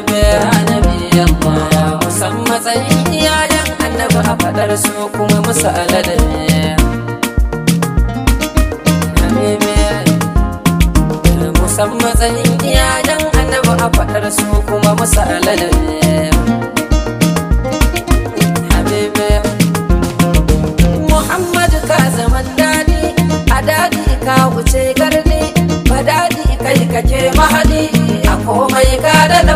rufe annabi yamma ya musan matsayin iyayen annabi a faɗar su kuma musu aladabi san matsayin iyayen annabi a faɗar su kuma musu aladabi habibi muhammadu ka zaman daɗi a daɗi ka wuce garni ba dadi kai kake mahali a komai ka da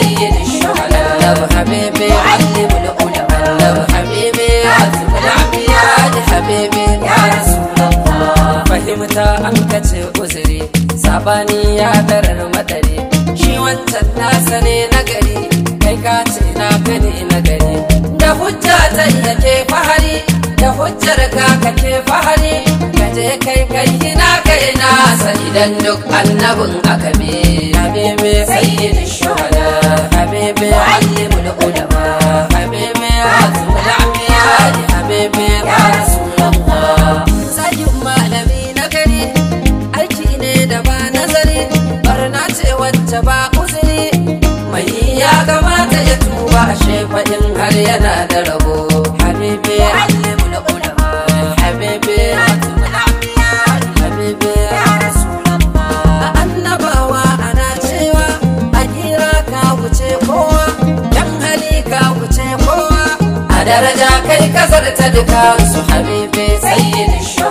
سيد الشهداء لب حبيبي علم الأولى لب حبيبي عزم wancan nasa ne nagari kai ka ce na gani nagari da hujja ta yake fahari da hujjar ka kake fahari ka je kai kai na kai idan duk annabin aka na bebe sai daraja kai kasar ta duka su habibi sayyidin shu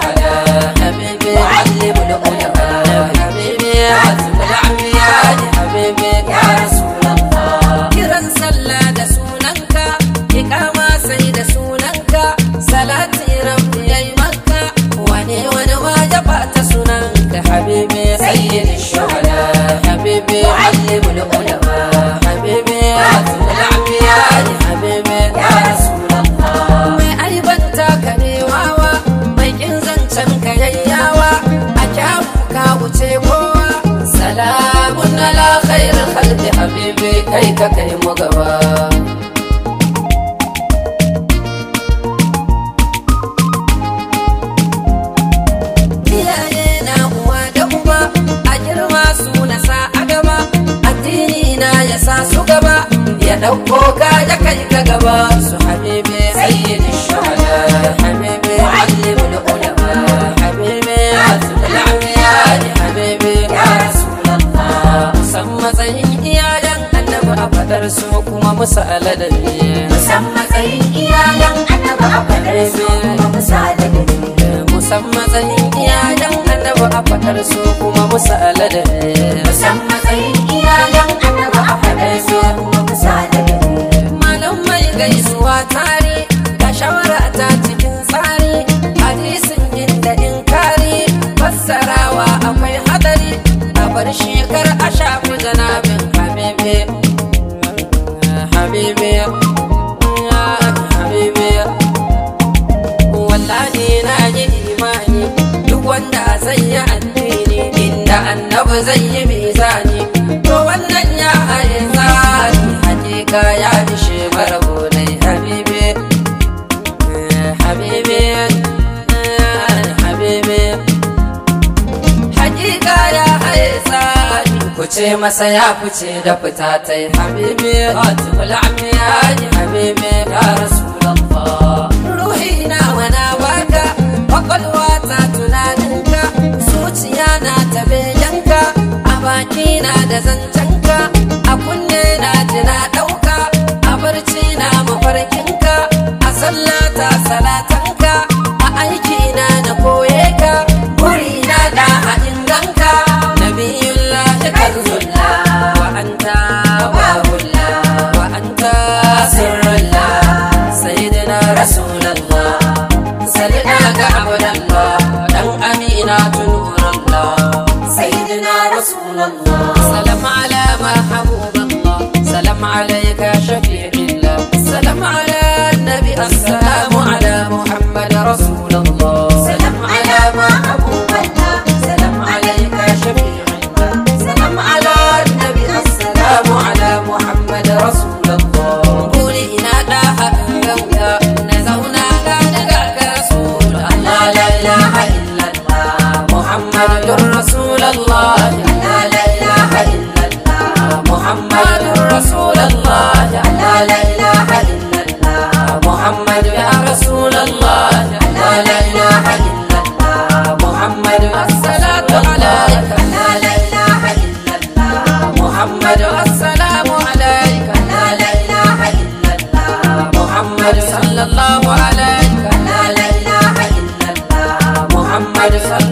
habibi kai ka kai mu gaba na uwa uba a girma su na sa a na ya sa su gaba ya ɗauko ka musu aladari musan matsayin iyayen annaba a fadar su kuma musu Musamman musan matsayin iyayen annaba a fadar su kuma musu Musamman musan matsayin iyayen annaba a fadar su kuma musa aladari malam mai gaisuwa tare da shawara ta cikin tsari hadisin yin da in kari fassarawa akwai hadari a bar shekar a zai yi mizani to wannan ya aizani hakika ya fi shebar gonai habibi eh, habibi eh, habibi hakika ya aizani ku ce masa ya fice da fita ta yi habibi a tukula ya yi habibi ya rasu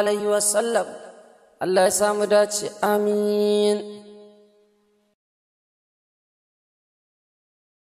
alaihi wasallam Allah ya samu dace amin